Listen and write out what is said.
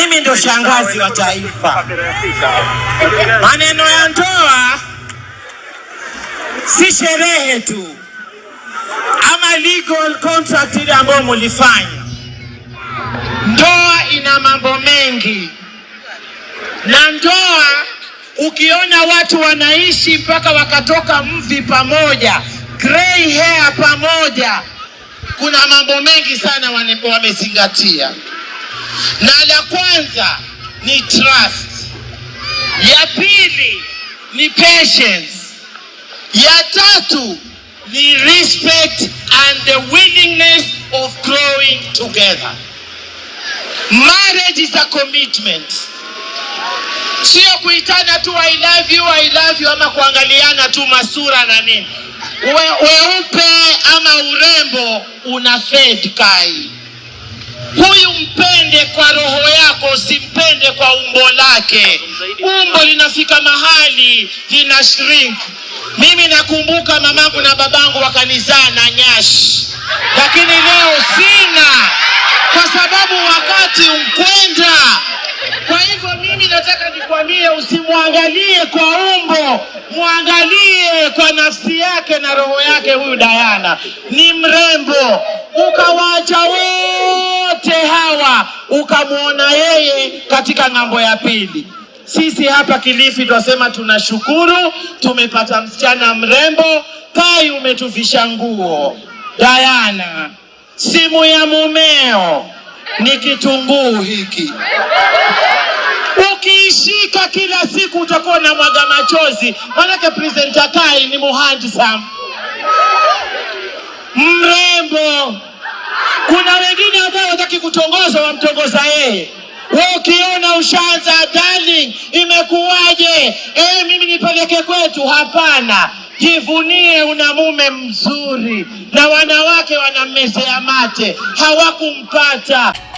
Mimi ndio shangazi wa taifa. Maneno ya ndoa si sherehe tu ama legal contract ile ambayo mulifanya. Ndoa ina mambo mengi, na ndoa ukiona watu wanaishi mpaka wakatoka mvi pamoja, grey hair pamoja, kuna mambo mengi sana wamezingatia na la kwanza ni trust, ya pili ni patience, ya tatu ni respect and the willingness of growing together. Marriage is a commitment, sio kuitana tu I love you, I love you ama kuangaliana tu masura na nini weupe ama urembo una fade kai huyu mpe kwa roho yako, usimpende kwa umbo lake. Umbo linafika mahali lina shrink. Mimi nakumbuka mamangu na babangu wakanizaa na nyashi, lakini leo sina, kwa sababu wakati mkwenda Kwa hivyo mimi nataka nikwambie, usimwangalie kwa umbo, mwangalie kwa nafsi yake na roho yake. Huyu Dayana ni mrembo, ukawaacha wewe ukawa ukamwona yeye katika ng'ambo ya pili. Sisi hapa Kilifi twasema tunashukuru, tumepata msichana mrembo, Tai umetuvisha nguo. Dayana, simu ya mumeo ni kitunguu hiki ukiishika kila siku utakuwa na mwaga machozi, manake presenter Tai ni muhandisa mrembo kuna wengine ambao wataki kutongoza, wamtongoza yeye. Wewe ukiona ushaanza darling, imekuwaje? Eh, mimi nipeleke kwetu? Hapana, jivunie una mume mzuri, na wanawake wanamezea mate, hawakumpata.